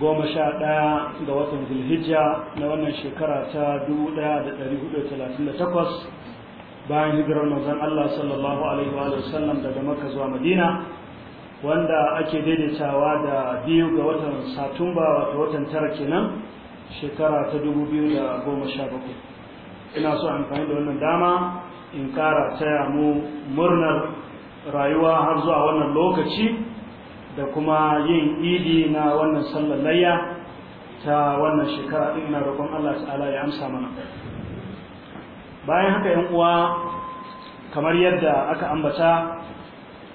goma sha ɗaya ga watan zulhijja na wannan shekara ta dubu ɗaya da da ɗari talatin takwas bayan hijirar manzon Allah sallallahu alaihi wa sallam daga Makka zuwa Madina wanda ake daidaitawa da biyu ga watan Satumba wato watan tara kenan shekara ta dubu biyu da goma sha bakwai ina so amfani da wannan dama in kara taya mu murnar rayuwa har zuwa wannan lokaci da kuma yin idi na wannan sallar layya ta wannan shekara ɗin na roƙon Allah ta'ala ya amsa mana bayan haka yan uwa kamar yadda aka ambata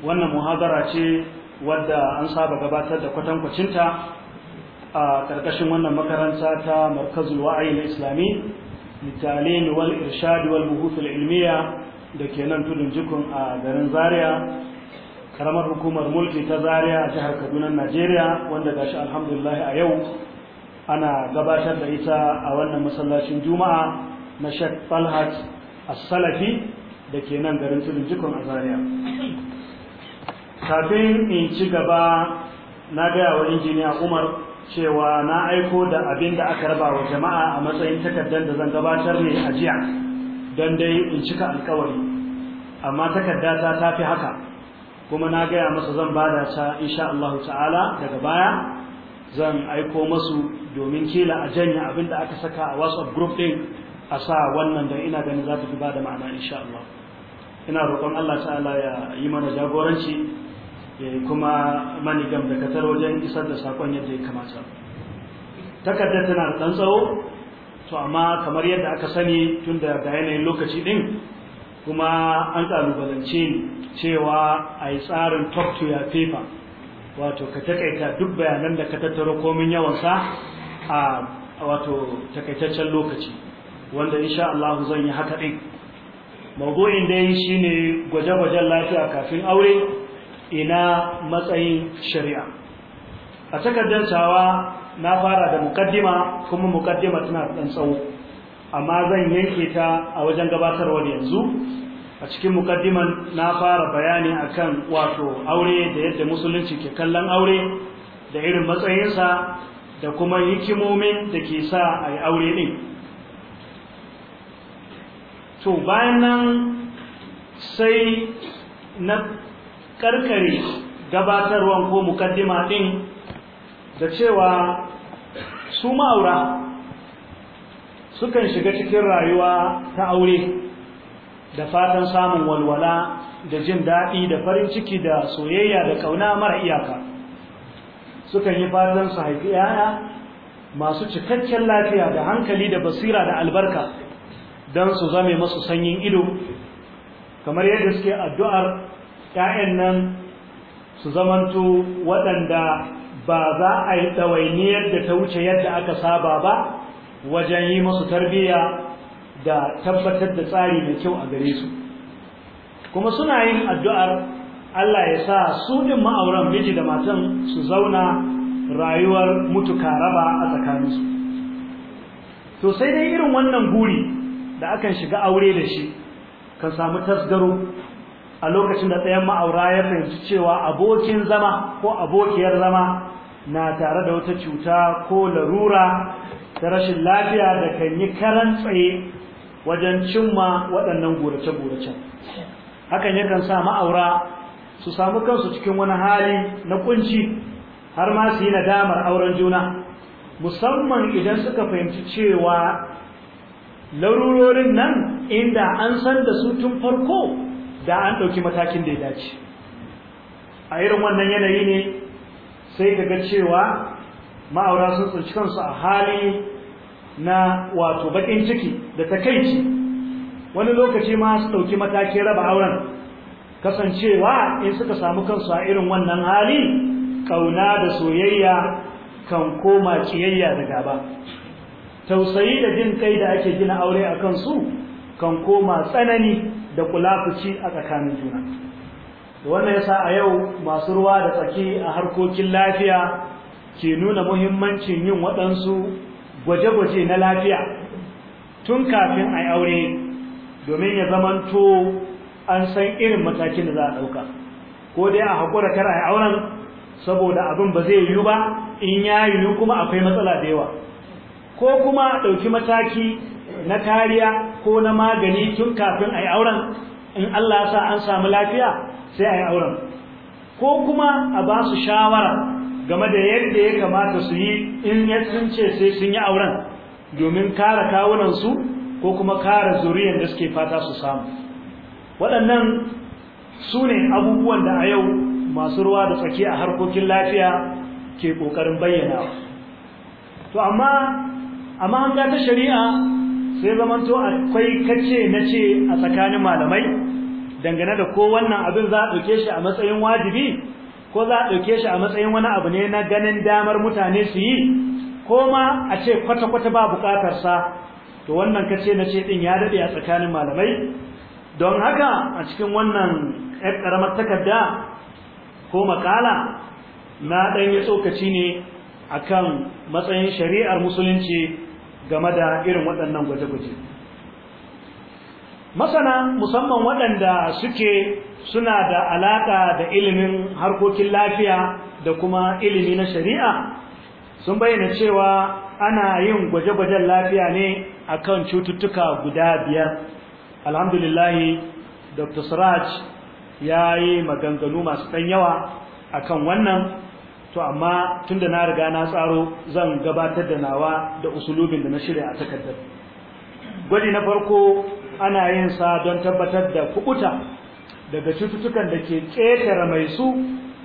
wannan muhadara ce wadda an saba gabatar da kwatankwacinta a ƙarƙashin wannan makaranta ta markazul wa'ayi na islami litalin wal irshad wal buhuth al da ke nan tudun jikun a garin zaria karamar hukumar mulki ta Zariya a jihar kaduna najeriya wanda gashi alhamdulillah a yau ana gabatar da ita a wannan masallacin juma'a na shek falhat as-salafi da ke nan garin tudun jikon a zaria kafin in ci gaba na gaya wa injiniya umar cewa na aiko da abin da aka raba wa jama'a a matsayin takardar da zan gabatar ne a jiya don dai in cika alkawari amma takardata ta fi haka kuma na gaya masa zan bada ta insha Allah ta'ala daga baya zan aiko masu domin kila a janya abin da aka saka a WhatsApp group din a sa wannan da ina ganin za ta fi bada ma'ana insha Allah ina roƙon Allah ta'ala ya yi mana jagoranci kuma mani gam da katar wajen isar da sakon yadda ya kamata takardar tana da ɗan tsawo to amma kamar yadda aka sani tun da yanayin lokaci din kuma an kalubalance ni cewa a yi tsarin top to your paper wato ka takaita duk bayanan da ka tattara komin yawansa a wato takaitaccen lokaci wanda insha Allah zan yi haka din mawdu'in dai shine gwaje-gwajen lafiya kafin aure ina matsayin shari'a a takardar sawa na fara da mukaddima kuma mukaddima tana ɗan tsawo amma zan yanke ta a wajen gabatarwar yanzu a cikin mukaddiman na fara bayani akan wato aure da yadda musulunci ke kallon aure da irin matsayinsa da kuma hikimomin da ke sa a yi aure ɗin to bayan nan sai na karkare gabatarwa ko mukaddima ɗin da cewa su ma'aura sukan shiga cikin rayuwa ta aure da fatan samun walwala da jin daɗi da farin ciki da soyayya da ƙauna mara iyaka sukan yi fatan su haifi ‘ya'ya masu cikakken lafiya da hankali da basira da albarka don su zame masu sanyin ido kamar yadda suke addu'ar ‘ya'yan nan su zamanto waɗanda ba za a yi ɗawainiyar da ta wuce yadda aka saba ba wajen yi masu tarbiyya da tabbatar da tsari mai kyau a gare su kuma suna yin addu'ar Allah ya sa su din ma'auran miji da matan su zauna rayuwar mutuka raba a tsakaninsu to sai dai irin wannan guri da akan shiga aure da shi kan samu tasgaro a lokacin da tsayan ma'aura ya fahimci cewa abokin zama ko abokiyar zama na tare da wata cuta ko larura da rashin lafiya da kan yi karan tsaye wajen cimma waɗannan gurace gurace hakan yakan sa ma'aura su samu kansu cikin wani hali na kunci har ma su yi nadamar auren juna musamman idan suka fahimci cewa larurorin nan inda an san da su tun farko da an ɗauki matakin da ya dace a irin wannan yanayi ne sai ka ga cewa ma'aura sun tsinci kansu a hali na wato bakin ciki da takaici wani lokaci ma su dauki matakin raba auren kasancewa in suka samu kansu a irin wannan hali kauna da soyayya kan koma ciyayya da gaba tausayi da jin kai da ake gina aure a kansu kan koma tsanani da kulafuci a tsakanin juna wannan yasa a yau masu ruwa da tsaki a harkokin lafiya ke nuna muhimmancin yin waɗansu gwaje-gwaje na lafiya tun kafin a aure domin ya zamanto an san irin matakin da za a ɗauka ko dai a haƙura kar a auren saboda abin ba zai yiwu ba in ya yiwu kuma akwai matsala da yawa ko kuma ɗauki mataki na kariya ko na magani tun kafin a auren in Allah sa an samu lafiya sai a auren ko kuma a ba su shawara game da yadda ya kamata su yi in ya sun ce sai sun yi auren domin kare kawunansu ko kuma kara zuriyar da suke fata su samu waɗannan su ne abubuwan da a yau masu ruwa da tsaki a harkokin lafiya ke ƙoƙarin bayyana to amma amma an ta shari'a sai zamanto akwai kace na ce a tsakanin malamai dangane da ko wannan abin za a ɗauke shi a matsayin wajibi ko za a ɗauke shi a matsayin wani abu ne na ganin damar mutane su yi ko ma a ce kwata-kwata ba buƙatarsa to wannan kace na ce ɗin ya daɗe a tsakanin malamai don haka a cikin wannan ƴar ƙaramar takarda ko makala na ɗan ya tsokaci ne akan matsayin shari'ar musulunci game da irin waɗannan gwaje-gwaje masana musamman waɗanda suke suna da alaƙa da ilimin harkokin lafiya da kuma ilimi na shari'a sun bayyana cewa ana yin gwaje-gwajen lafiya ne akan cututtuka guda biyar alhamdulillahi dr siraj ya yi maganganu masu ɗan yawa akan wannan to amma tunda na riga na tsaro zan gabatar da nawa da usulubin da na shirya a takardar gwaji na farko ana yin sa don tabbatar da kubuta daga cututtukan da ke ƙetare mai su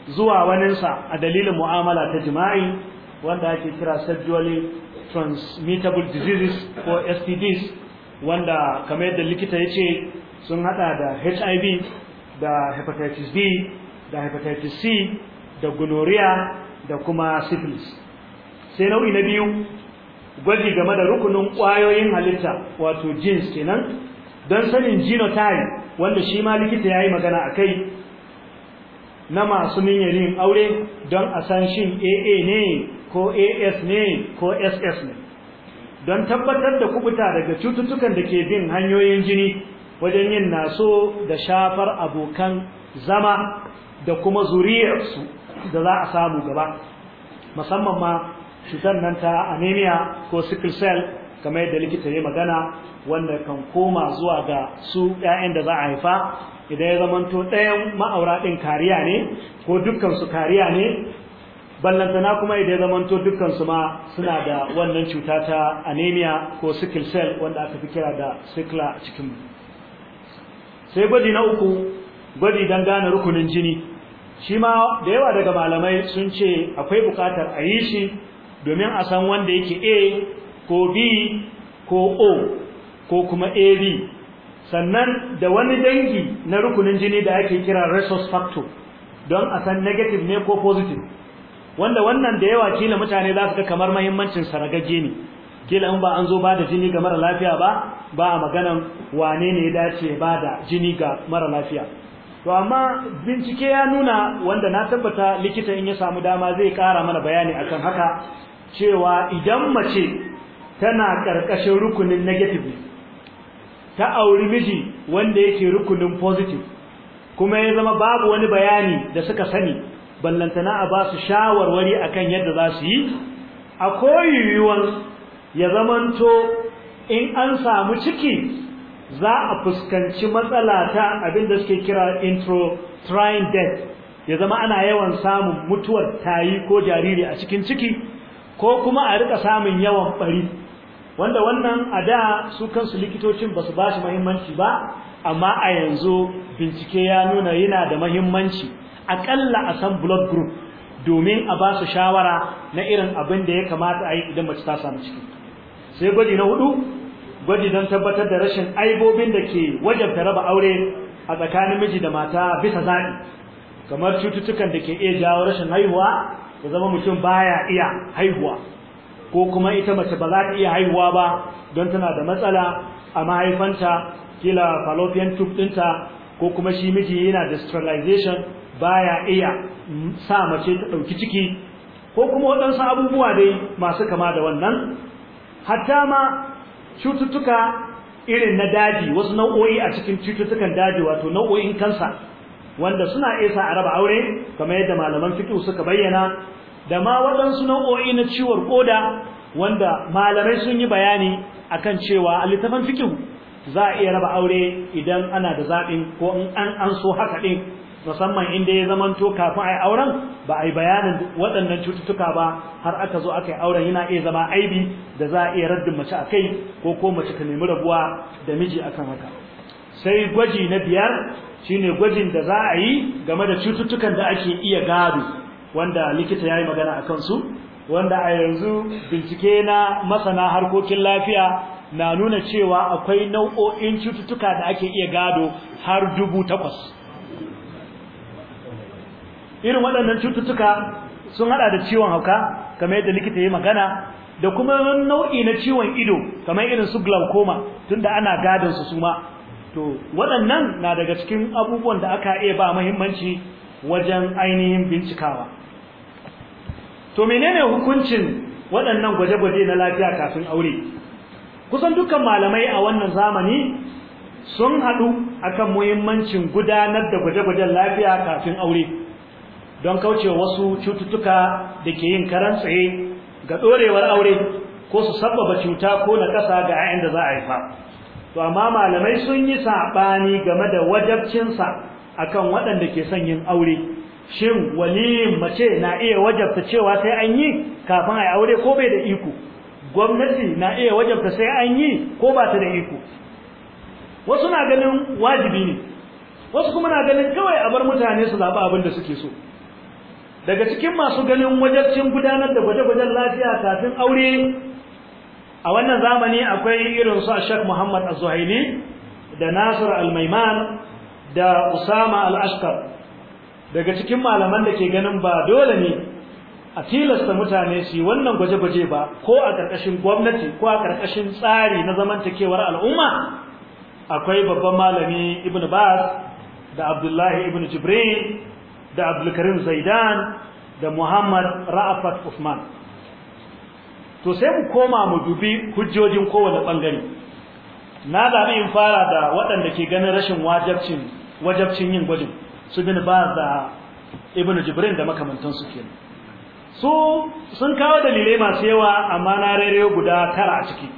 zuwa waninsa a dalilin mu'amala ta jima'i wanda ake kira sexually transmittable diseases ko STDs wanda kamar yadda likita ya ce sun hada da HIV da hepatitis B da hepatitis C da gonorrhea da kuma syphilis sai nau'i na biyu gwaji game da rukunin ƙwayoyin halitta wato genes kenan don sanin genotype wanda shi ma likita ya yi magana a kai na masu niyyar aure don a san shin aa ne ko as ne ko ss ne don tabbatar da kubuta daga cututtukan da ke bin hanyoyin jini wajen yin naso da shafar abokan zama da kuma zuriyarsu da za a samu gaba musamman ma cutar nan ta anemia ko sickle cell kamar yadda likita ya magana wanda kan koma zuwa ga su ƴaƴan da za a haifa idan ya zamanto ɗayan ma'aura ɗin kariya ne ko dukkan su kariya ne ballantana kuma idan ya zamanto dukkan su ma suna da wannan cuta ta anemia ko sickle cell wanda aka fi kira da sickler a cikin sai gwaji na uku gwaji don gane rukunin jini shi ma da yawa daga malamai sun ce akwai bukatar a yi shi domin a san wanda yake a ko b ko o ko kuma ab sannan da wani dangi na rukunin jini da ake kira resource factor don a san negative ne ko positive wanda wannan da yawa kila mutane za su ga kamar mahimmancin saragagge ne kila in ba an zo ba da jini ga mara lafiya ba ba a maganan wane ne ya dace ba da jini ga mara lafiya to amma bincike ya nuna wanda na tabbata likita in ya samu dama zai kara mana bayani akan haka cewa idan mace tana karkashin rukunin negative ta auri miji wanda yake rukunin positive kuma ya zama babu wani bayani da suka sani ballantana a ba su shawarwari akan yadda za su yi a koyuwan ya zamanto in an samu ciki za a fuskanci matsala ta abinda suke kira intrauterine death ya zama ana yawan samun mutuwar tayi ko jariri a cikin ciki ko kuma a rika samun yawan bari wanda wannan a da su kansu likitocin ba su ba shi mahimmanci ba amma a yanzu bincike ya nuna yana da mahimmanci aƙalla a san blood group domin a ba su shawara na irin abin da ya kamata a yi idan mace ta samu ciki sai gwaji na hudu gwaji don tabbatar da rashin aibobin da ke wajabta raba aure a tsakanin miji da mata bisa zaɓi kamar cututtukan da ke iya jawo rashin haihuwa ya zama mutum baya iya haihuwa ko kuma ita mace ba za ta iya haihuwa ba don tana da matsala a mahaifanta kila fallopian tube ɗinta ko kuma shi miji yana da sterilization baya iya sa mace ta ɗauki ciki ko kuma waɗansu abubuwa dai masu kama da wannan hatta ma cututtuka irin na daji wasu nau'o'i a cikin cututtukan daji wato nau'o'in kansa wanda suna isa a raba aure kamar yadda malaman fito suka bayyana da ma waɗansu nau'o'i na ciwon koda wanda malamai sun yi bayani akan cewa a littafin fikihu za a iya raba aure idan ana da zaɓin ko in an an so haka ɗin musamman inda ya zama to kafin a yi auren ba a yi bayanin waɗannan cututtuka ba har aka zo aka yi auren yana iya zama aibi da za a iya raddin mace a kai ko ko mace ta nemi rabuwa da miji akan haka sai gwaji na biyar shine gwajin da za a yi game da cututtukan da ake iya gado wanda likita yayi magana akan su wanda a yanzu bincike na masana harkokin lafiya na nuna cewa akwai nau'o'in cututtuka da ake iya gado har dubu takwas irin waɗannan cututtuka sun hada da ciwon hauka kamar yadda likita ya magana da kuma nau'i na ciwon ido kamar irin su glaucoma tunda ana gadon su suma to waɗannan na daga cikin abubuwan da aka iya ba muhimmanci wajen ainihin bincikawa to menene hukuncin waɗannan gwaje-gwaje na lafiya kafin aure kusan dukkan malamai a wannan zamani sun haɗu akan muhimmancin gudanar da gwaje-gwajen lafiya kafin aure don kauce wasu cututtuka da ke yin karan tsaye ga ɗorewar aure ko su sabbaba cuta ko na ƙasa ga 'ya'yan da za a haifa to amma malamai sun yi saɓani game da wajabcinsa akan waɗanda ke son yin aure shin waliyin mace na iya wajabta cewa sai an yi kafin a yi aure ko bai da iko gwamnati na iya wajabta sai an yi ko ba ta da iko wasu na ganin wajibi ne wasu kuma na ganin kawai a bar mutane su zaba abin da suke so daga cikin masu ganin wajabcin gudanar da gwaje-gwajen lafiya kafin aure a wannan zamani akwai irin su Sheikh Muhammad Az-Zuhaili da Nasir Al-Maiman da Usama Al-Ashqar daga cikin malaman da ke ganin ba dole ne a tilasta mutane su wannan gwaje-gwaje ba ko a ƙarƙashin gwamnati ko a ƙarƙashin tsari na zamantakewar al'umma akwai babban malami ibn Bas da Abdullahi ibn Jibrin da Abdulkarim Zaidan da Muhammad Ra'afat Usman to sai mu koma mu dubi hujjojin kowane bangare na zabi in fara da waɗanda ke ganin rashin wajabcin wajabcin yin gwajin su ba da ibnu jibrin da su kenan su sun kawo dalilai masu yawa amma na rairayo guda tara a ciki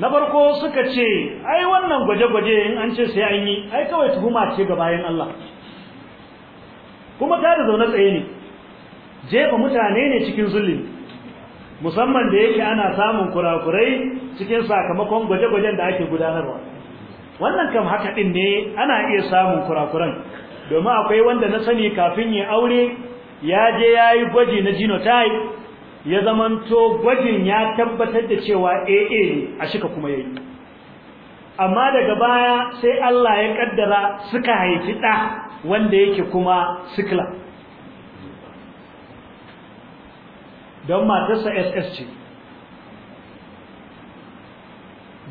na farko suka ce ai wannan gwaje-gwaje in an ce sai an yi ai kawai tuhuma ce ga bayan Allah kuma ta da zaune tsaye ne jefa mutane ne cikin zulmi musamman da yake ana samun kurakurai cikin sakamakon gwaje-gwajen da ake gudanarwa wannan kam haka din ne ana iya samun kurakuran domin akwai wanda na sani kafin ya aure ya je yayi gwaji na genotype ya zamanto gwajin ya tabbatar da cewa AA ne a shika kuma yayi amma daga baya sai Allah ya kaddara suka haifi ɗa wanda yake kuma sikla don matarsa SS ce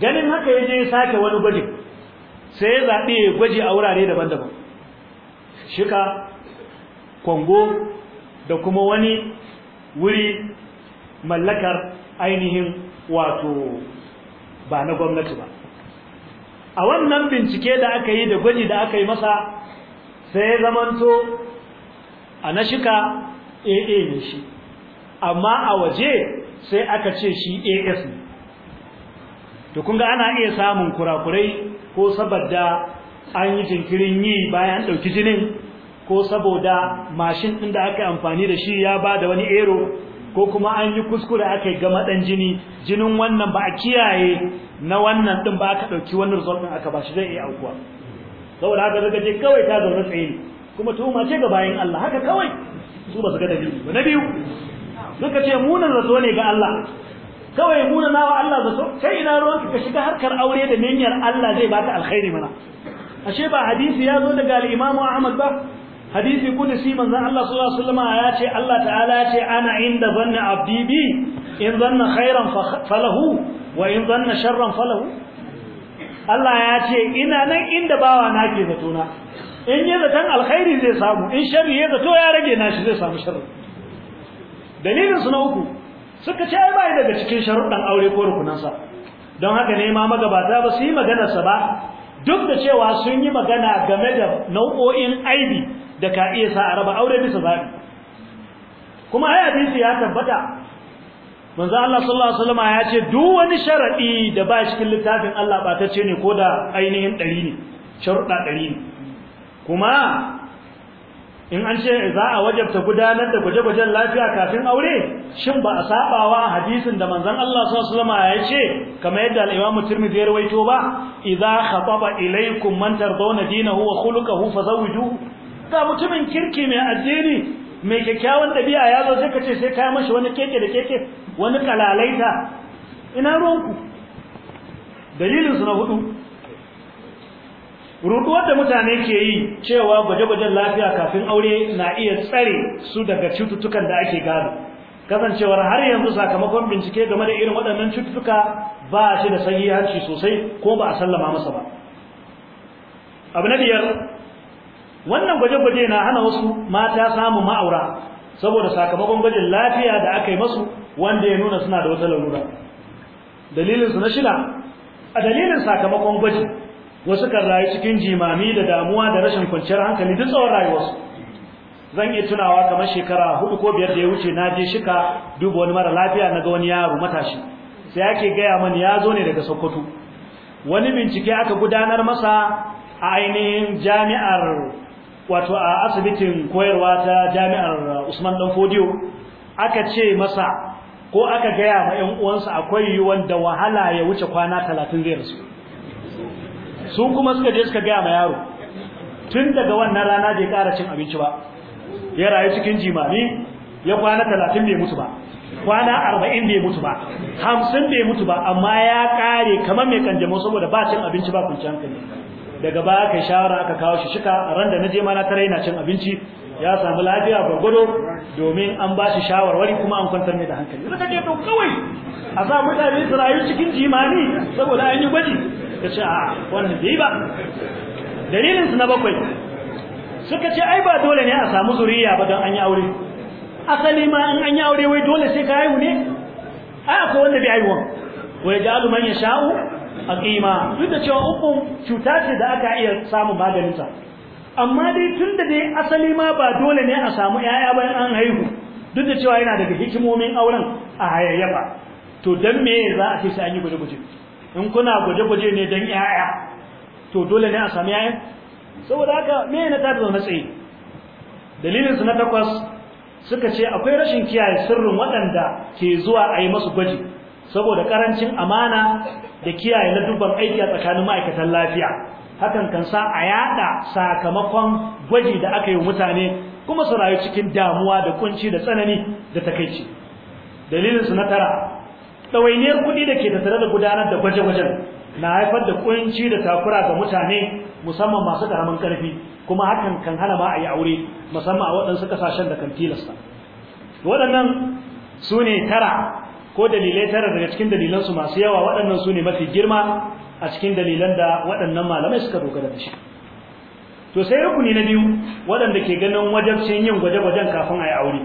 ganin haka yaje ya sake wani gwajin sai ya zaɓe ya gwaji a wurare daban-daban shika kwango da kuma wani wuri mallakar ainihin wato ba na gwamnati ba a wannan bincike da aka yi da gwaji da aka yi masa sai ya zamanto a na shika aa ne shi amma a waje sai aka ce shi as ne to kunga ana iya samun kurakurai ko saboda an yi jinkirin yi bayan ɗauki jinin ko saboda mashin ɗin da aka amfani da shi ya ba da wani ero ko kuma an yi kuskure aka yi gama ɗan jini jinin wannan ba a kiyaye na wannan ɗin ba aka ɗauki wani result aka ba zai iya aukuwa saboda haka daga je kawai ta zaune tsaye kuma tuhuma ce ga bayan Allah haka kawai su ba su ga dalili ba na biyu suka ce munan zato ne ga Allah kawai muna nawa Allah zato kai ina ruwanka ka shiga harkar aure da niyyar Allah zai baka alkhairi mana ashe ba hadisi ya zo daga al-Imam Ahmad ba hadisi kudusi manzon Allah sallallahu alaihi wasallam ya ce Allah ta'ala ya ce ana inda zanna abdi bi in zanna khairan falahu wa in zanna sharran falahu Allah ya ce ina nan inda bawa na ke zato na in yi zaton alkhairi zai samu in sharri ya zato ya rage na shi zai samu sharri dalilin su na uku suka ce ai bai daga cikin sharuɗan aure ko rukunansa don haka ne ma magabata ba su yi sa ba duk da cewa sun yi magana game da nau'o'in aibi da ka iya sa a raba aure bisa zaɓi kuma ai hadisi ya tabbata manzo Allah sallallahu alaihi wasallam ya ce duk wani sharadi da ba cikin littafin Allah ba ta ce ne ko da ainihin ɗari ne sharuɗa ɗari ne kuma in an ce za a wajabta gudanar da gwaje-gwajen lafiya kafin aure shin ba a sabawa hadisin da manzon Allah sallallahu alaihi wasallam ya ce kamar yadda al-Imam Tirmidhi ya rawaito ba idza khataba ilaykum man tardawna dinahu wa khuluquhu fazawiju da mutumin kirki mai addini mai kyakkyawan dabi'a ya zo sai ka ce sai kai mashi wani keke da keke wani kalalaita ina ruwanku dalilin na hudu ruduwar da mutane ke yi cewa gwaje-gwajen lafiya kafin aure na iya tsare su daga cututtukan da ake gano kasancewar har yanzu sakamakon bincike game da irin waɗannan cututtuka ba shi da sanyi sahihanci sosai ko ba a sallama masa ba abu na biyar wannan gwaje-gwaje na hana wasu mata samun ma'aura saboda sakamakon gwajin lafiya da aka yi masu wanda ya nuna suna da wata lalura dalilinsu na shida a dalilin sakamakon gwajin wasu kan rayu cikin jimami da damuwa da rashin kwanciyar hankali duk tsawon rayuwarsu zan iya tunawa kamar shekara hudu ko biyar da ya wuce na je shika duba wani mara lafiya na ga wani yaro matashi sai ake gaya mani ya zo ne daga sokoto wani bincike aka gudanar masa a ainihin jami'ar wato a asibitin koyarwa ta jami'ar usman dan fodiyo aka ce masa ko aka gaya ma 'yan uwansa akwai yiwuwan da wahala ya wuce kwana talatin zai rasu su kuma suka je suka gaya ma yaro tun daga wannan rana bai ƙara cin abinci ba ya rayu cikin jimami ya kwana talatin bai mutu ba kwana arba'in bai mutu ba hamsin bai mutu ba amma ya ƙare kamar mai kanjamo saboda ba cin abinci ba kwanciyar hankali daga baya kai shawara aka kawo shi shika ran da na je ma na tare cin abinci ya samu lafiya gwargwado domin an ba shi shawarwari kuma an kwantar mai da hankali zaka ce to kawai a sa mutane su rayu cikin jimani saboda an yi gwaji ka ce a wannan bai ba dalilin su na bakwai suka ce ai ba dole ne a samu zuriya ba don an yi aure asali ma in an yi aure wai dole sai ka haihu ne ai akwai wanda bai haihuwa wai ja alu man ya sha'u a ƙima duk da cewa uku cuta ce da aka iya samun maganinta amma dai tun da dai asali ma ba dole ne a samu ‘ya'ya bayan an haihu duk da cewa yana daga hikimomin auren a hayayyafa to don me za a ce sai an yi gwaje-gwaje in kuna gwaje-gwaje ne don ‘ya'ya to dole ne a samu ‘ya'ya saboda haka me na tafi zaune tsaye dalilin su na takwas suka ce akwai rashin kiyaye sirrin waɗanda ke zuwa a yi masu gwaji saboda ƙarancin amana da kiyaye na dubban aiki a tsakanin ma'aikatan lafiya hakan kan sa a yada sakamakon gwaji da aka yi mutane kuma su rayu cikin damuwa da kunci da tsanani da takaici dalilin su na tara ɗawainiyar kuɗi da ke tattare da gudanar da gwaje-gwajen na haifar da kunci da takura ga mutane musamman masu ƙaramin karfi kuma hakan kan hana ma a yi aure musamman a waɗansu ƙasashen da kan tilasta waɗannan sune tara ko dalilai tara daga cikin dalilansu masu yawa waɗannan sune mafi girma a cikin dalilan da waɗannan malamai suka dogara da shi to sai rukuni na biyu waɗanda ke ganin wajabcin yin gwaje-gwajen kafin a yi aure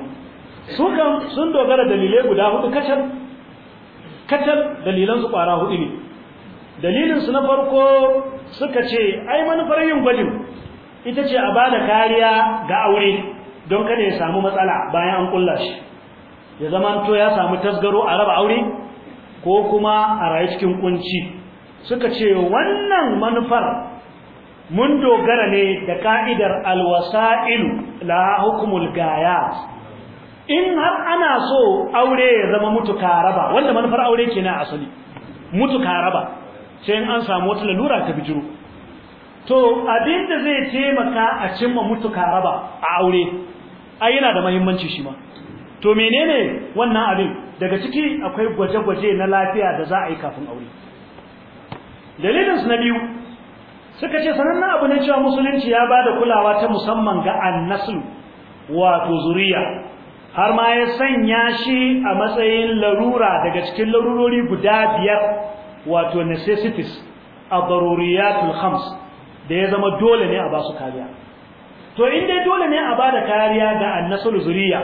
su kan sun dogara dalilai guda hudu kacal kacal dalilan su ƙwara hudu ne dalilin su na farko suka ce ai manufar yin gwajin ita ce a bada kariya ga aure don kada ya samu matsala bayan an kulla shi ya zama to ya samu tasgaro a raba aure ko kuma a rayu cikin kunci suka ce wannan manufar mun dogara ne da ka'idar alwasa'ilu la hukumul gayat in har ana so aure ya zama mutuka raba wanda manufar aure ke na asali mutuka raba sai an samu wata lalura ta bijiro to da zai taimaka a cimma mutuka raba a aure ai yana da muhimmanci shi ma to menene wannan abin daga ciki akwai gwaje-gwaje na lafiya da za a yi kafin aure dalilin su na biyu suka ce sanannen abu ne cewa musulunci ya ba da kulawa ta musamman ga annasu wato zuriya har ma ya sanya shi a matsayin larura daga cikin larurori guda biyar wato necessities a baruriyatul khams da ya zama dole ne a ba su kariya to in dai dole ne a ba da kariya ga annasu zuriya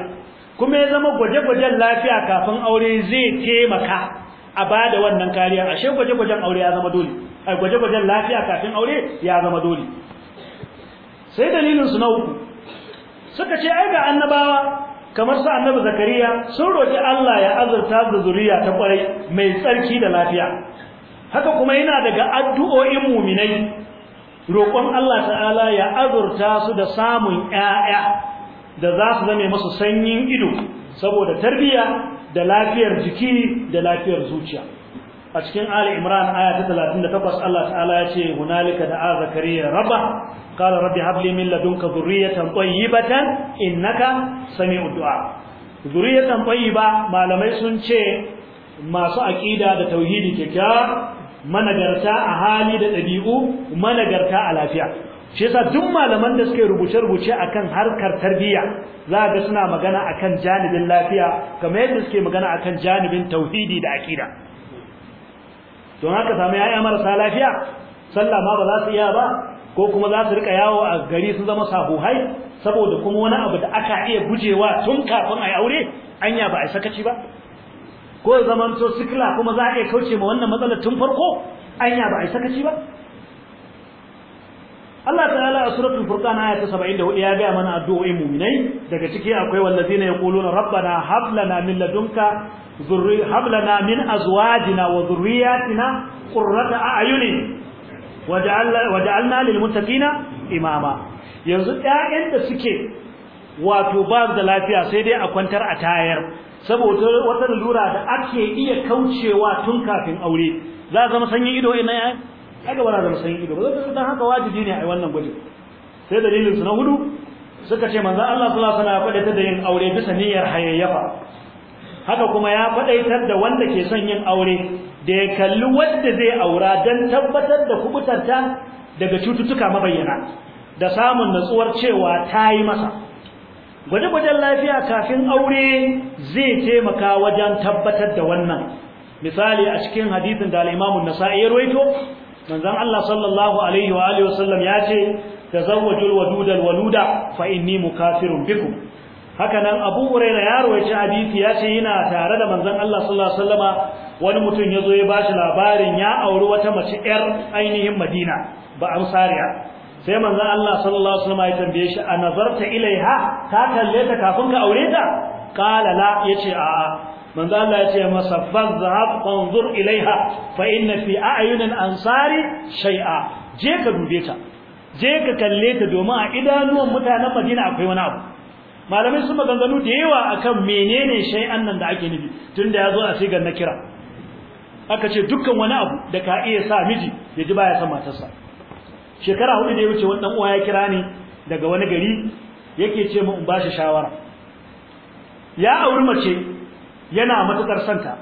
kuma ya zama gwaje-gwajen lafiya kafin aure zai taimaka a ba da wannan kariya ashe gwaje-gwajen aure ya zama dole a gwaje-gwajen lafiya kafin aure ya zama dole sai dalilin su na uku suka ce ai ga annabawa kamar su annabi zakariya sun roƙi Allah ya azurta da zuriya ta ƙwarai mai tsarki da lafiya haka kuma yana daga addu'o'in muminai roƙon Allah ta'ala ya azurta su da samun ƴaƴa da za su zame masu sanyin ido saboda tarbiyya da lafiyar jiki da lafiyar zuciya a cikin ali imran aya ta 38 Allah ta'ala ya ce hunalika da'a zakariya rabba qala rabbi hab li min ladunka dhurriyatan tayyibatan innaka sami'ud du'a dhurriyatan tayyiba malamai sun ce masu aqida da tauhidi kyakkyawa managarta a hali da dabi'u managarta a lafiya shi yasa duk malaman da suke rubuce-rubuce akan harkar tarbiyya za ga suna magana akan janibin lafiya kamar yadda suke magana akan janibin tauhidi da akida don haka samu yaya marasa lafiya sallah ma ba za su iya ba ko kuma za su rika yawo a gari su zama sahuhai saboda kuma wani abu da aka iya gujewa tun kafin a yi aure anya ba a sakaci ba ko zaman to sikila kuma za a iya kauce ma wannan matsalar tun farko anya ba a sakaci ba Allah ta'ala a suratul furqan aya ta 74 ya ga mana addu'o'i mu'minai daga ciki akwai wallazina yaquluna rabbana hab lana min ladunka zurri hab lana min azwajina wa dhurriyyatina qurrata a'yunin waja'alna lil muttaqina imama yanzu ƴaƴan da suke wato ba da lafiya sai dai a kwantar a tayar saboda wata lura da ake iya kaucewa tun kafin aure za a zama sanyin ido ina kaga ba da musayin san ido ba zai dan haka wajibi ne a wannan gwaji sai dalilin su na hudu suka ce manzo Allah sallallahu alaihi wasallam ya da yin aure bisa niyyar hayayyafa haka kuma ya fadaitar da wanda ke son yin aure da ya kalli wanda zai aura dan tabbatar da kubutarta daga cututtuka mabayyana da samun natsuwar cewa ta yi masa gwaje-gwajen lafiya kafin aure zai taimaka wajen tabbatar da wannan misali a cikin hadithin da an nasa'i ya ruwaito manzon Allah sallallahu alaihi wa alihi wasallam ya ce tazawwajul wadudal waluda fa inni mukafirun bikum haka nan Abu Hurairah ya rawaita hadisi ya ce yana tare da manzon Allah sallallahu alaihi wasallama wani mutum ya zo ya bashi labarin ya auri wata mace yar ainihin Madina ba Ansariya sai manzon Allah sallallahu alaihi wasallama ya tambaye shi a nazarta ilaiha ka kalle ta kafin ka aure ta qala la yace a'a manzo Allah ya ce masa fazhab wanzur ilaiha fa inna fi a'yunil ansari shay'a je ka dube ta je ka kalle ta domin a idanuwan mutanen Madina akwai wani abu malamai sun maganganu da yawa akan menene shay'an nan da ake nufi tunda ya zo a sigar na kira aka ce dukkan wani abu da ka iya sa miji ya ji baya san matarsa shekara hudu da ya wuce wani dan uwa ya kira ni daga wani gari yake ce mu in ba shi shawara ya auri mace yana matukar santa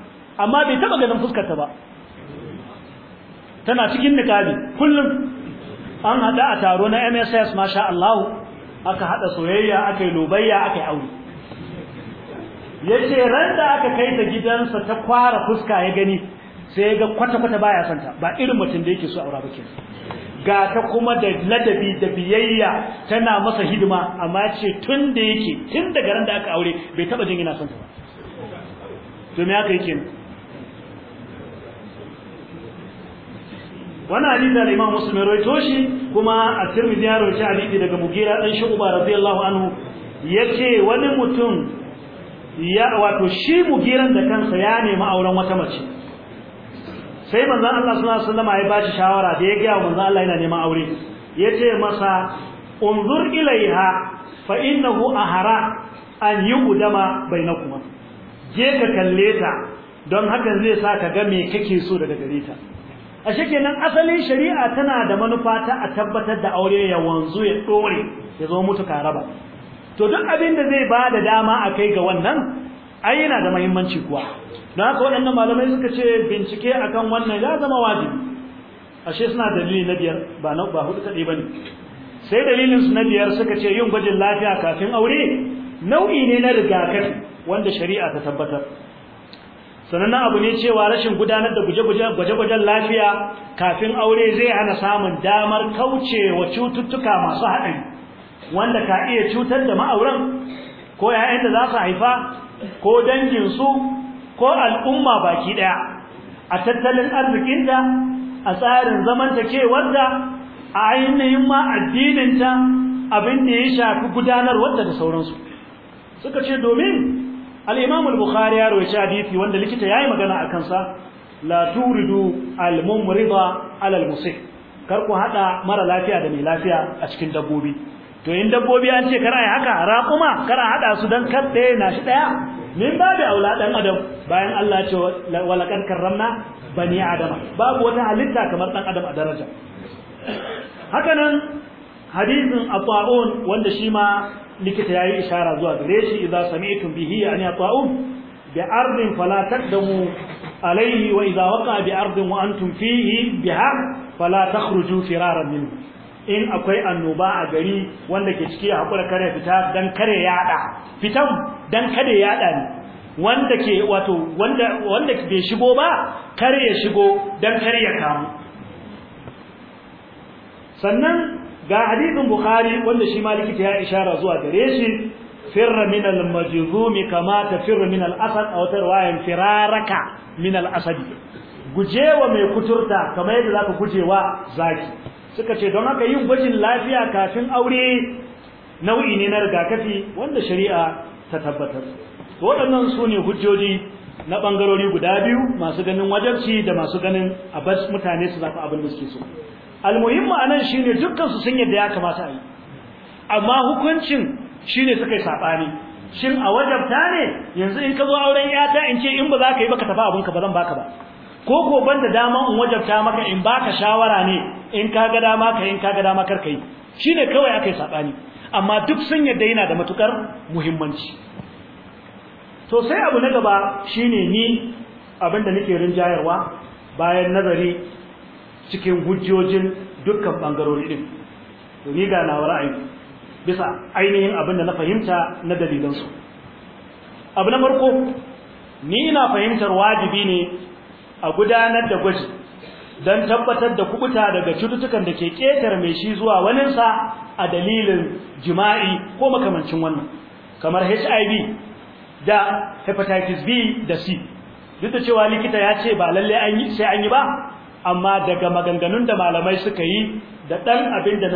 amma bai taba ganin fuskar ta ba tana cikin nikali kullum an hada a taro na MSS masha Allah aka hada soyayya aka yi lobayya aka yi aure yace ran da aka kai ta gidansa ta kwara fuska ya gani sai ya ga kwata-kwata baya santa ba irin mutum da yake so aura ba kenan ga ta kuma da ladabi da biyayya tana masa hidima amma ce tun da yake tun daga ran da aka aure bai taba jin yana santa ba to me aka yi kenan. wannan hadisi da Imam Muslim ya rawaito shi kuma a Tirmidhi ya rawaito hadisi daga Mugira dan Shu'ba radiyallahu anhu yace wani mutum ya wato shi Mugiran da kansa ya nemi auren wata mace sai manzon Allah sallallahu alaihi wasallam ya bashi shawara da ya ga manzon Allah yana neman aure yace masa unzur ilaiha fa innahu ahara an yudama bainakuma je ka kalle ta don hakan zai sa ka ga me kake so daga gare ta a kenan asalin shari'a tana da manufa ta a tabbatar da aure ya wanzu ya dore ya zo mutu karaba to duk abin da zai ba da dama a kai ga wannan ai yana da muhimmanci kuwa don haka waɗannan malamai suka ce bincike akan wannan ya zama wajibi ashe suna dalili na biyar ba na ba hudu kaɗai bane sai dalilin su na biyar suka ce yin gwajin lafiya kafin aure nau'i ne na rigakafi wanda shari'a ta tabbatar sanannan abu ne cewa rashin gudanar da gwaje-gwajen lafiya kafin aure zai hana samun damar kaucewa cututtuka masu haɗari wanda ka iya cutar da ma'auran ko yayin da za su haifa ko danginsu ko al'umma baki ɗaya a tattalin arzikin da a tsarin da a ainihin ma addininta abin da ya shafi gudanarwarta da sauransu suka ce domin al bukhari ya rawaita hadisi wanda likita ya yi magana akan kansa. la turidu al-mumrida al-musih kar ku hada mara lafiya da mai lafiya a cikin dabbobi to in dabbobi an ce kar yi haka raquma kar hada su dan kar ɗaya na shi ɗaya. min babu aula ɗan adam bayan Allah ce wala kan karramna bani adama babu wata halitta kamar ɗan adam a daraja Hakanan hadisin Afa'on wanda shi ma likita yayi ishara zuwa gare shi idza sami'tum bihi an bi ardin fala taqdamu alayhi wa idza bi ardin wa antum fihi biha fala takhruju firaran minhu in akwai annoba a gari wanda ke hakura kare fita dan kare yada fitan dan kare yada ne wanda ke wato wanda wanda bai shigo ba kare ya shigo dan kare ya kamu sannan ga hadithin bukhari wanda shi ma likita ya ishara zuwa gare shi firra min al-majzum kama firra min al-asad aw tarwayan firaraka min al-asad gujewa mai kuturta kamar yadda zaka gujewa zaki suka ce don haka yin gwajin lafiya kafin aure nau'i ne na rigakafi wanda shari'a ta tabbatar to waɗannan su hujjoji na bangarori guda biyu masu ganin wajabci da masu ganin a mutane su zafi abin da suke so almuhimmu anan shine dukkan su sun yadda ya kamata a yi amma hukuncin shine suka yi sabani shin a wajabta ne yanzu in ka zo auren yata in ce in ba za ka yi baka tafi abinka ba zan baka ba ko ko da dama in wajabta maka in baka shawara ne in ka ga dama ka in ka ga dama kar ka yi shine kawai akai sabani amma duk sun yadda yana da matukar muhimmanci to sai abu na gaba shine ni abinda nake rinjayarwa bayan nazari cikin hujjojin dukkan bangarori din to ni ga nawa ra'ayi bisa ainihin abin da na fahimta na dalilan su abu na farko ni na fahimtar wajibi ne a gudanar da gwaji don tabbatar da kubuta daga cututtukan da ke ƙetar mai shi zuwa sa a dalilin jima'i ko makamancin wannan kamar HIV da hepatitis B da C duk da cewa likita ya ce ba lalle sai an yi ba amma daga maganganun da malamai suka yi da ɗan abin da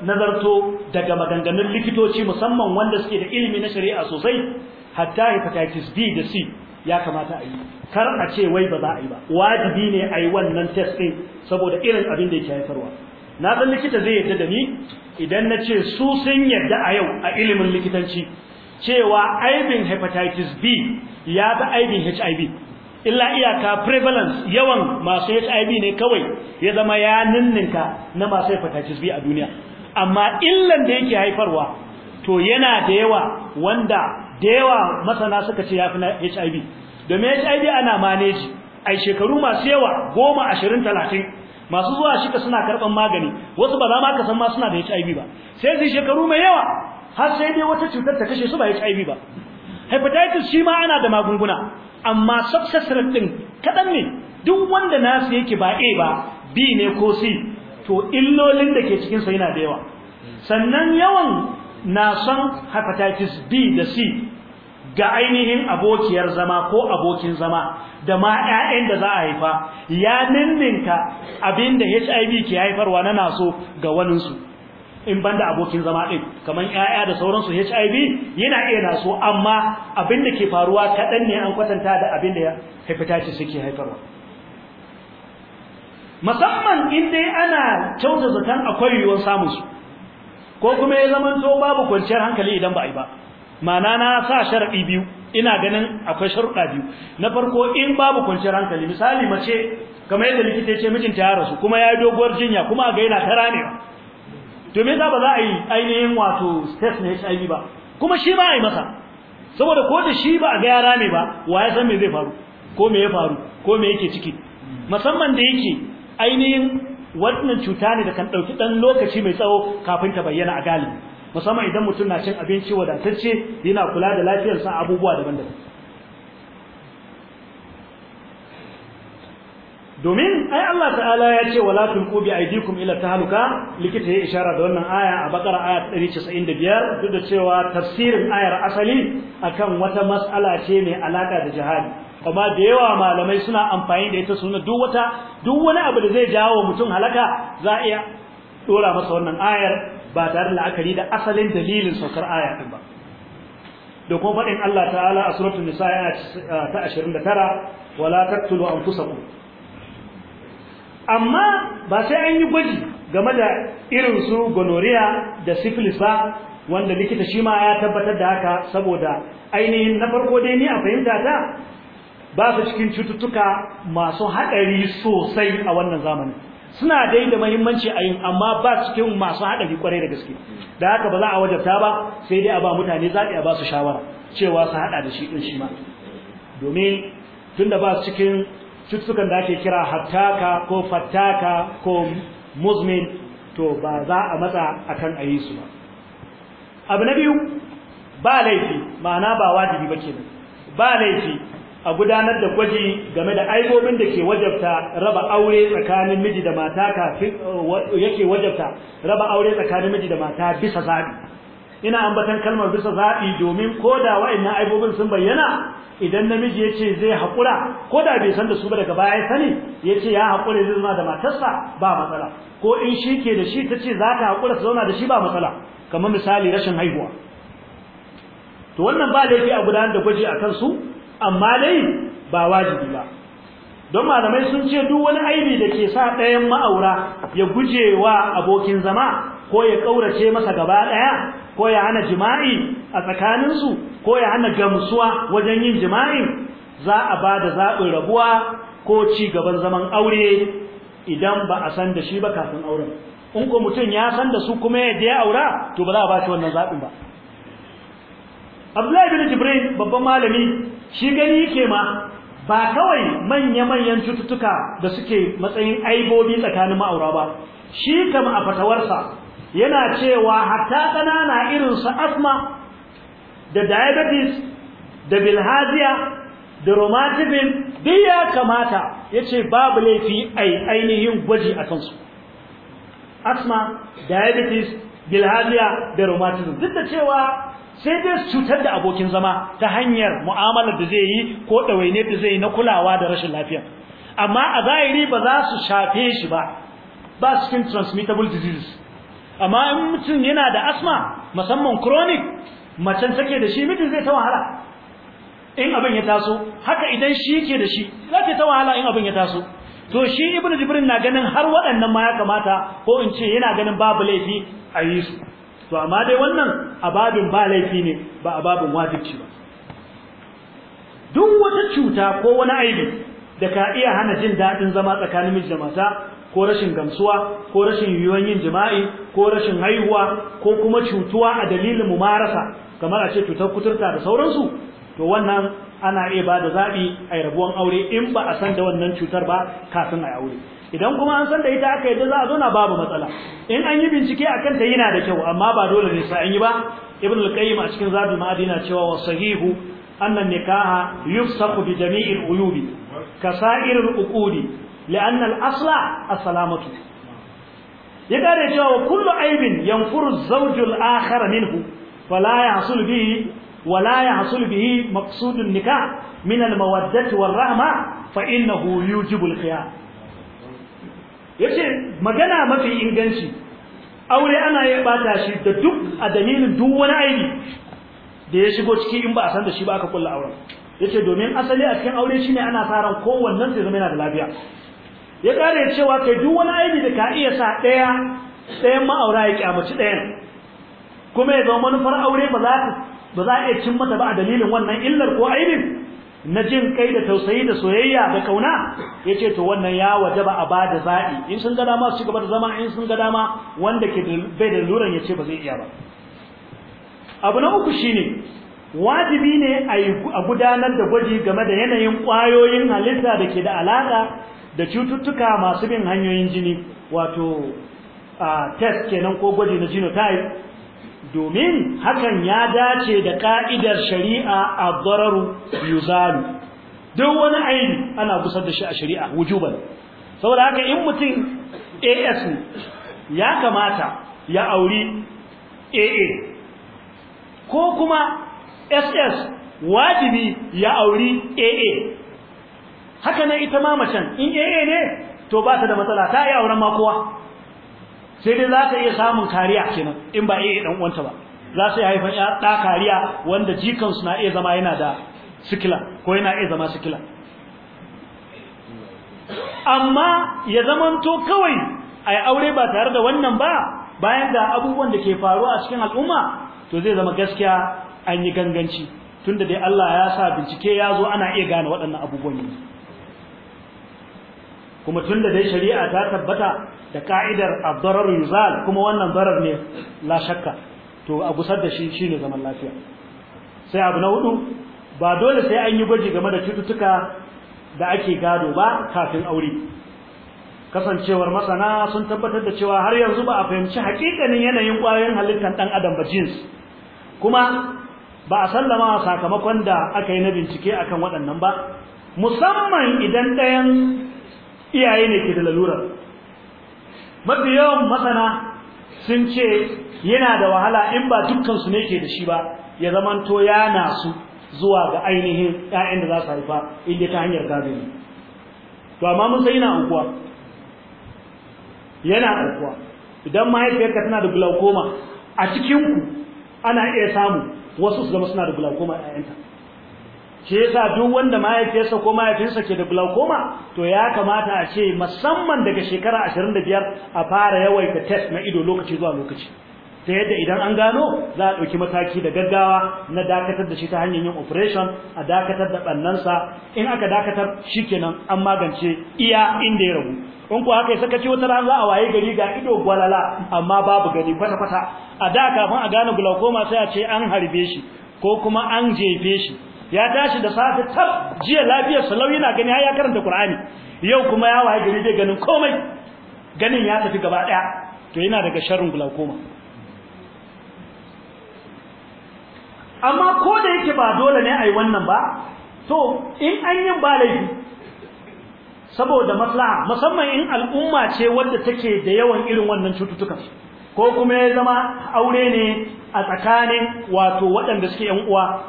nazarto daga maganganun likitoci musamman wanda suke da ilimi na shari'a sosai hatta hepatitis B da C ya kamata a yi kar a ce wai ba za a yi ba wajibi ne a yi wannan test ɗin saboda irin abin da yake haifarwa na san likita zai yadda da ni idan na ce su sun yarda a yau a ilimin likitanci cewa aibin hepatitis B ya fi aibin HIV illa iyaka prevalence yawan masu HIV ne kawai ya zama ya ninninka na masu hepatitis B a duniya amma illan da yake haifarwa to yana da yawa wanda da yawa masana suka ce yafi na HIV domin HIV ana maneji. A shekaru masu yawa 10 20 30 masu zuwa shika suna karban magani wasu ba za ma ka san ma suna da HIV ba sai su shekaru mai yawa har sai dai wata cutar ta kashe su ba HIV ba hepatitis shi ma ana da magunguna amma subsessor din kadan ne duk wanda nasu yake ba A ba B ne ko C to illolin da ke cikin sa yana da yawa sannan yawan na son hepatitis B da C ga ainihin abokiyar zama ko abokin zama da ma ƴaƴan da za a haifa ya ninninka abinda HIV ke haifarwa na naso ga waninsu in banda abokin zama din kamar yaya da sauransu HIV yana iya naso amma abin da ke faruwa kadan ne an kwatanta da abin da hepatitis suke haifarwa musamman in dai ana kyauta zaton akwai yuwan samun su ko kuma ya zamanto babu kwanciyar hankali idan ba a yi ba mana na sa sharadi biyu ina ganin akwai sharuɗa biyu na farko in babu kwanciyar hankali misali mace kamar yadda likita ya ce mijinta ya rasu kuma ya yi doguwar jinya kuma a ga yana tara ne to me ba za a yi ainihin wato test na HIV ba kuma shi ba a yi masa saboda ko da shi ba a ga yara ne ba wa ya san me zai faru ko me ya faru ko me yake ciki musamman da yake ainihin wannan cuta ne da kan dauki dan lokaci mai tsawo kafin ta bayyana a galibi musamman idan mutum na cin abinci wadatacce yana kula da lafiyarsa abubuwa daban-daban domin ai Allah ta'ala ya ce wala tulqu bi aydikum ila tahluka likita ya ishara da wannan aya a bakara aya 195 duk da cewa tafsirin ayar asali akan wata mas'ala ce mai alaka da jihadi amma da yawa malamai suna amfani da ita suna duk wata duk wani abu da zai jawo mutum halaka za a iya dora masa wannan ayar ba tare da la'akari da asalin dalilin saukar aya din ba da kuma faɗin Allah ta'ala a suratul nisa ta 29 wala taqtulu anfusakum amma ba sai an yi gwaji game da irin su gonorrhea da syphilis ba wanda likita shi ma ya tabbatar da haka saboda ainihin na farko dai ni a fahimta ta ba su cikin cututtuka masu haɗari sosai a wannan zamanin suna dai da muhimmanci a yin amma ba su cikin masu haɗari kwarai da gaske da haka ba za a wajabta ba sai dai a ba mutane zaɓi a ba su shawara cewa su haɗa da shi ɗin shi ma domin tunda ba su cikin cututtukan da ake kira hattaka ko fattaka ko muzmin to ba za a matsa akan a yi su ba abu na biyu ba laifi ma'ana ba wajibi ba kenan ba laifi a gudanar da gwaji game da aibobin da ke wajabta raba aure tsakanin miji da mata kafin uh, yake wajabta raba aure tsakanin miji da mata bisa zaɓi. ina ambatan kalmar bisa zaɓi domin ko da wa'annan aibobin sun bayyana idan namiji ya ce zai haƙura koda bai san da su ba daga baya ya sani ya ce ya haƙura zai zama da matarsa ba matsala ko in shi ke da shi ta ce za ta haƙura su zauna da shi ba matsala kamar misali rashin haihuwa to wannan ba laifi a gudanar da gwaji a su amma dai ba wajibi ba don malamai sun ce duk wani aibi da ke sa ɗayan ma'aura ya guje wa abokin zama ko ya kaurace masa gaba daya ko ya hana jima'i a tsakaninsu ko ya hana gamsuwa wajen yin jima'i, za a ba da zaɓin rabuwa ko ci gaban zaman aure idan ba a san da shi ba kafin auren in ko mutum ya san da su kuma ya dai aura to ba za a ba shi wannan zaɓin ba Abdullahi bin Jibril babban malami shi gani yake ma ba kawai manya-manyan cututtuka da suke matsayin aibobi tsakanin ma'aura ba shi kama a fatawarsa yana cewa hatta ƙanana irin su asma da diabetes da bilhaziya da rheumatism duk ya kamata yace babu laifi ai ainihin gwaji a kansu asma diabetes bilhaziya da rheumatism duk da cewa sai dai cutar da abokin zama ta hanyar mu'amalar da zai yi ko ɗawaine da zai na kulawa da rashin lafiya amma a zahiri ba za su shafe shi ba ba cikin transmittable diseases amma in mutum yana da asma musamman chronic macen take da shi mutum zai ta wahala in abin ya taso haka idan shi ke da shi za ta ta wahala in abin ya taso to shi ibnu jibrin na ganin har waɗannan ma ya kamata ko in ce yana ganin babu laifi a yi su to amma dai wannan ababin ba laifi ne ba ababin wajibi ba duk wata cuta ko wani aibi da ka iya hana jin daɗin zama tsakanin miji da mata ko rashin gamsuwa ko rashin yiwuwan yin jima'i ko rashin haihuwa ko kuma cutuwa a dalilin mumarasa kamar a ce cutar kuturta da sauransu to wannan ana iya ba da zaɓi a rabuwan aure in ba a san da wannan cutar ba kafin a yi aure idan kuma an san da ita aka yadda za a zo na babu matsala in an yi bincike a kanta yana da kyau amma ba dole ne sai an yi ba ibn al-qayyim a cikin zabi ma'adina cewa wa sahihu anna nikaha yufsaqu bi jami'il uyubi كسائر العقود لأن الأصل السلامة يقال جوا كل عيب ينفر الزوج الآخر منه فلا يحصل به ولا يحصل به مقصود النكاح من المودة والرحمة فإنه يوجب الخيار yace magana mafi inganci aure ana iya bata shi da duk a dalilin duk wani aibi da ya shigo ciki in ba a san da shi ba aka kulla auren yace domin asali a cikin aure shine ana faran kowannen sai zama yana da lafiya ya kare cewa kai duk wani aibi da ka iya sa daya ɗayan ma'aura ya kyamaci ɗayan kuma ya zama manufar aure ba za ta ba za a iya cin mata ba a dalilin wannan illar ko aibin na jin kai da tausayi da soyayya da kauna yace to wannan ya wajaba a bada zabi in sun ga dama su cigaba da zama in sun ga dama wanda ke bai da luran yace ba zai iya ba abu na uku shine wajibi ne a gudanar da gwaji game da yanayin ƙwayoyin halitta da ke da alaƙa da cututtuka masu bin hanyoyin jini wato a test kenan ko gwaji na genotype domin hakan ya dace da ƙa'idar shari'a a dararu yuzalu don wani aini ana gusar da shi a shari'a wujuban saboda haka in mutum AS ya kamata ya auri AA ko kuma ss wajibi ya auri aa haka nan ita ma macen in aa ne to ba ta da matsala ta yi auren ma kowa sai dai za ta iya samun kariya kenan in ba aa dan uwanta ba za su haifa ya da kariya wanda jikansu na iya zama yana da sikila ko yana iya zama sikila amma ya zamanto kawai a yi aure ba tare da wannan ba bayan da abubuwan da ke faruwa a cikin al'umma to zai zama gaskiya an yi ganganci tunda dai Allah ya sa bincike ya zo ana iya gane waɗannan abubuwan yanzu kuma tunda dai shari'a ta tabbata da ka'idar ad-darar yuzal kuma wannan darar ne la shakka to a gusar da shi shine zaman lafiya sai abu na hudu ba dole sai an yi gwaji game da cututtuka da ake gado ba kafin aure kasancewar masana sun tabbatar da cewa har yanzu ba a fahimci hakikanin yanayin ƙwayoyin halittar ɗan adam ba jins kuma ba a sallama sakamakon da aka yi na bincike a kan waɗannan ba musamman idan ɗayan iyaye ne ke da lalurar mafi yawan masana sun ce yana da wahala in ba dukkansu ne ke da shi ba ya zamanto ya su zuwa ga ainihin ƴaƴan da za su haifa inda ta hanyar gabi ne to amma mun sai yana unguwa. yana unguwa. idan mahaifiyarka tana da glaucoma a cikinku ana iya samu wasu su zama suna da glaucoma a yayanta shi yasa duk wanda mahaifiyarsa ko mahaifinsa ke da glaucoma to ya kamata a ce musamman daga shekara 25 a fara yawaita test na ido lokaci zuwa lokaci ta yadda idan an gano za a ɗauki mataki da gaggawa na dakatar da shi ta hanyar yin operation a dakatar da ɓannansa in aka dakatar shi kenan an magance iya inda ya rabu. in ku haka saka ci wata ran za a waye gari ga ido gwalala amma babu gani kwata kwata a da kafin a gane glaucoma sai a ce an harbe shi ko kuma an jefe shi ya tashi da safe tab jiya lafiyar salau yana gani har ya karanta Qur'ani yau kuma ya waye gari dai ganin komai ganin ya tafi gaba daya to yana daga sharrin glaucoma amma ko da yake ba dole ne ai wannan ba to in an yi ba laifi saboda maslaha musamman in al'umma ce wanda take da yawan irin wannan cututtuka ko kuma ya zama aure ne a tsakanin wato waɗanda suke yan uwa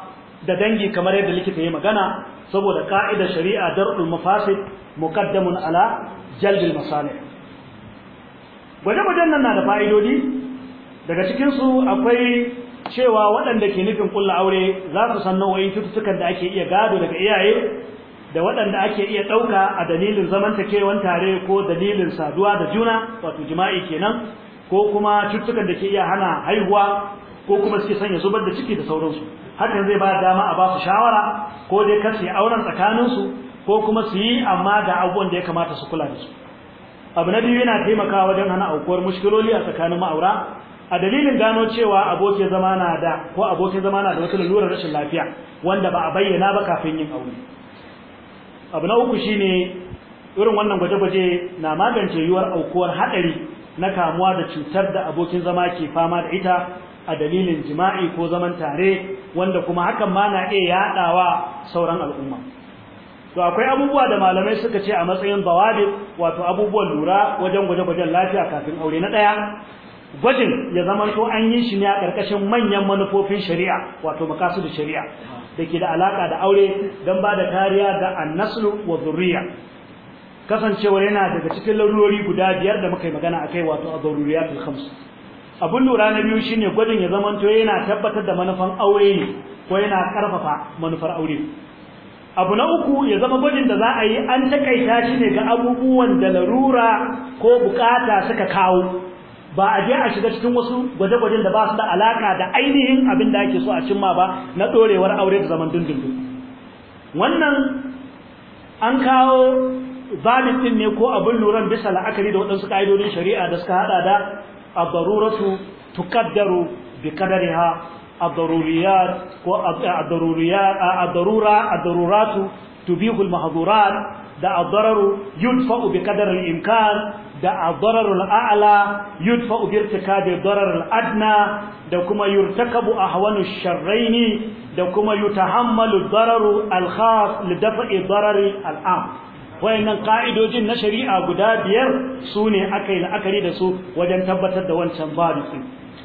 da dangi kamar yadda likita ya magana saboda ka'idar shari'a dar'ul mafasid muqaddamun ala jalbil masalih gwaje-gwajen nan na da fa'idodi daga cikin su akwai cewa waɗanda ke nufin ƙulla aure za su san nau'in cututtukan da ake iya gado daga iyaye da waɗanda ake iya ɗauka a dalilin zamantakewan tare ko dalilin saduwa da juna wato jima'i kenan ko kuma cututtukan da ke iya hana haihuwa ko kuma suke sanya zubar da ciki da sauransu hakan zai ba dama a ba su shawara ko dai kar su yi auren tsakaninsu ko kuma su yi amma da abubuwan da ya kamata su kula da su abu na biyu yana taimakawa wajen hana aukuwar mushkiloli a tsakanin ma'aura a dalilin gano cewa abokin zama na da ko abokin zama na da wata lalurar rashin lafiya wanda ba a bayyana ba kafin yin aure abu na uku ne irin wannan gwaje-gwaje na magance yiwuwar aukuwar haɗari na kamuwa da cutar da abokin zama ke fama da ita a dalilin jima'i ko zaman tare wanda kuma hakan ma na iya yaɗawa sauran al'umma to akwai abubuwa da malamai suka ce a matsayin bawabi wato abubuwan lura wajen gwaje-gwajen lafiya kafin aure na ɗaya gwajin ya zama to an yi shi ne a ƙarƙashin manyan manufofin shari'a wato makasu da shari'a da ke da alaƙa da aure don ba da kariya da annaslu wa zurriya kasancewar yana daga cikin larurori guda biyar da muka yi magana a kai wato a zaruriyatul khams abun lura na biyu shine gwajin ya zama to yana tabbatar da manufan aure ne ko yana ƙarfafa manufar aure abu na uku ya zama gwajin da za a yi an takaita shi ne ga abubuwan da larura ko buƙata suka kawo ba a je a shiga cikin wasu gwaje-gwajen da ba su da alaka da ainihin abin da ake so a cimma ba na ɗorewar aure da zaman dindindin wannan an kawo zalim ɗin ne ko abin luran bisa la'akari da waɗansu ƙa'idodin shari'a da suka haɗa da a daruratu tuqaddaru bi qadariha a daruriyat ko ad darura daruratu da a dararu yudfa'u bi qadari imkan da adararul a'la yudfa bi da dararul adna da kuma yurtakabu ahwanu sharraini da kuma yutahammalu dararu al khas darari al wayannan ka'idojin na shari'a guda biyar sune akai la'akari da su wajen tabbatar da wancan babu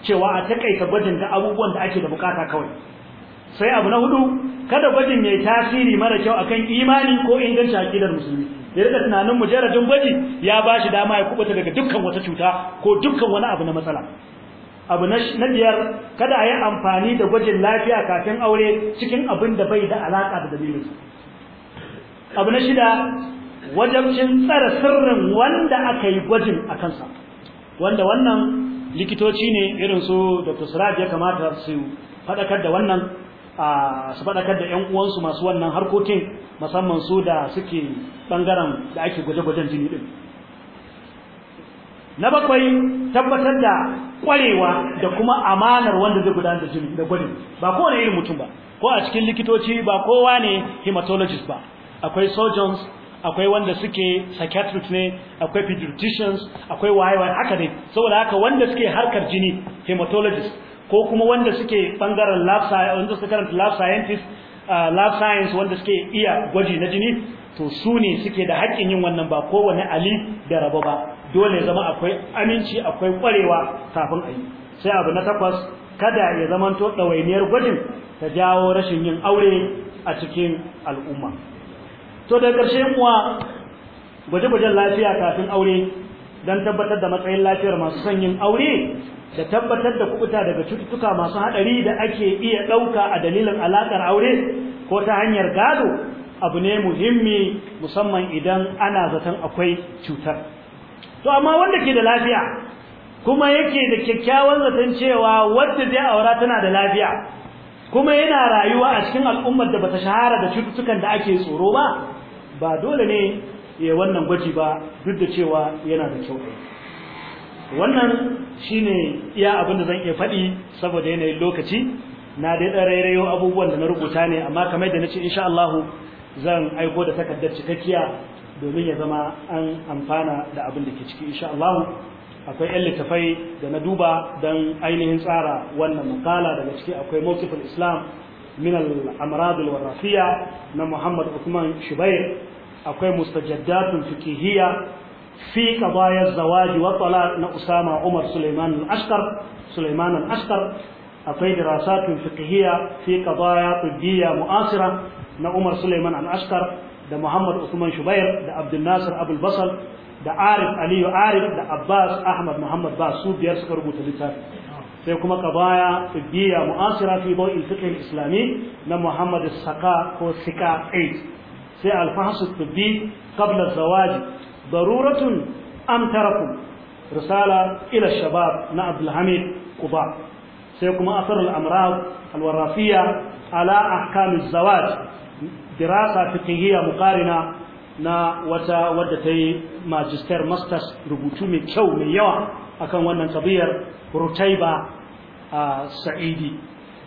cewa a takaita gwajin da abubuwan da ake da bukata kawai sai abu na hudu kada gwajin yayi tasiri mara kyau akan imani ko inganta aqidar musulmi ya da tunanin mujarradin gwaji ya bashi dama ya kubuta daga dukkan wata cuta ko dukkan wani abu na matsala abu na biyar kada a yi amfani da gwajin lafiya kafin aure cikin abin da bai da alaka da dalilin abu na shida wajabcin tsara sirrin wanda aka yi gwajin a kansa wanda wannan likitoci ne irin su dr siraj ya kamata su faɗakar da wannan a su faɗakar da 'yan uwansu masu wannan harkokin musamman su da suke ɓangaren da ake gwaje-gwajen jini ɗin na bakwai tabbatar da ƙwarewa da kuma amanar wanda zai gudanar da jini da ba kowane irin mutum ba ko a cikin likitoci ba kowa ne hematologist ba akwai surgeons akwai wanda suke psychiatrists ne akwai pediatricians akwai wayewa haka ne saboda haka wanda suke harkar jini hematologist ko kuma wanda suke bangaren lab science wanda lab scientist uh, science wanda suke iya gwaji na jini to su ne suke da haƙƙin yin wannan ba kowane ali da rabo ba dole zama akwai aminci akwai kwarewa kafin a yi sai abu na takwas kada ya zama to ɗawainiyar gwajin ta jawo rashin yin aure a cikin al'umma to da ƙarshe kuwa gwaje-gwajen lafiya kafin aure don tabbatar da matsayin lafiyar masu son yin aure da tabbatar da kubuta daga cututtuka masu hadari da ake iya dauka a dalilin alakar aure ko ta hanyar gado abu ne muhimmi musamman idan ana zaton akwai cutar to amma wanda ke da lafiya kuma yake da kyakkyawan zaton cewa wanda zai aura tana da lafiya kuma yana rayuwa a cikin al'ummar da bata shahara da cututtukan da ake tsoro ba ba dole ne ya wannan gwaji ba duk da cewa yana da kyau wannan shine iya abin da zan iya faɗi saboda yanayin lokaci na dai rairayo abubuwan da na rubuta ne amma kamar da na ce insha Allah zan aiko da takardar cikakkiya domin ya zama an amfana da abin da ke ciki insha Allah akwai yan littafai da na duba don ainihin tsara wannan makala daga ciki akwai multiple islam min al-amrad warafiya na Muhammad Uthman Shubair akwai mustajaddatun fikihiyya fi qadaya zawaji wa talaq na Usama Umar Sulaiman al-Ashqar Sulaiman al-Ashqar akwai dirasatun fiqhiyya fi qadaya tibbiyya mu'asira na Umar Sulaiman al-Ashqar da Muhammad Usman Shubair da Abdul Nasir Abul Basal da Arif Aliyu Arif da Abbas Ahmad Muhammad ba su biyar suka rubuta littafi sai kuma qadaya tibbiyya mu'asira fi dawil fiqh al-islami na Muhammad Saka ko Sika 8 sai al-fahs at-tibbi qabla az-zawaj daruratun am tarakum risala ila shabab na abdulhamid quba sai kuma asar al-amrad al-warafiya ala ahkam az-zawaj dirasa fiqhiyya na wata wadda ta yi magister masters rubutu mai kyau mai yawa akan wannan kabiyar rutaiba a sa'idi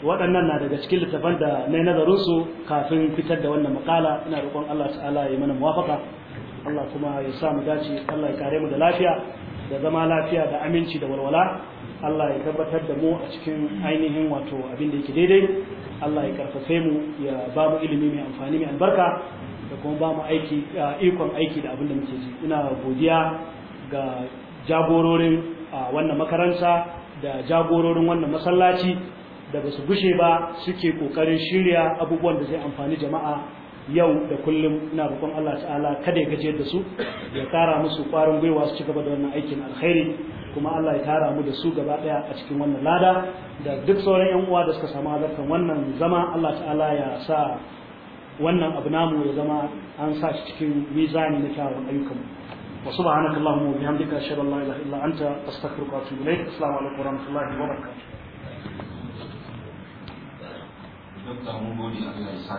waɗannan na daga cikin littafan da na nazarinsu kafin fitar da wannan makala ina roƙon allah ta'ala ya mana muwafaka Allah kuma ya sa mu dace Allah ya kare mu da lafiya da zama lafiya da aminci da walwala Allah ya tabbatar da mu a cikin ainihin wato abin da yake daidai Allah ya karfafe mu ya ba mu ilimi mai amfani mai albarka da kuma ba mu aiki ikon aiki da abin da muke ji ina godiya ga jagororin wannan makaranta da jagororin wannan masallaci da ba su gushe ba suke kokarin shirya abubuwan da zai amfani jama'a yau da kullum ina roƙon Allah ta'ala kada ya gajiyar da su ya kara musu ƙwarin gwiwa su ci gaba da wannan aikin alkhairi kuma Allah ya tara mu da su gaba ɗaya a cikin wannan lada da duk sauran yan uwa da suka samu halartar wannan zama Allah ta'ala ya sa wannan abu namu ya zama an sa shi cikin mizani na kyawun ayyukanmu wa subhanaka allahumma wa bihamdika ashhadu an la ilaha illa anta astaghfiruka wa atubu ilaik assalamu alaikum wa rahmatullahi wa barakatuh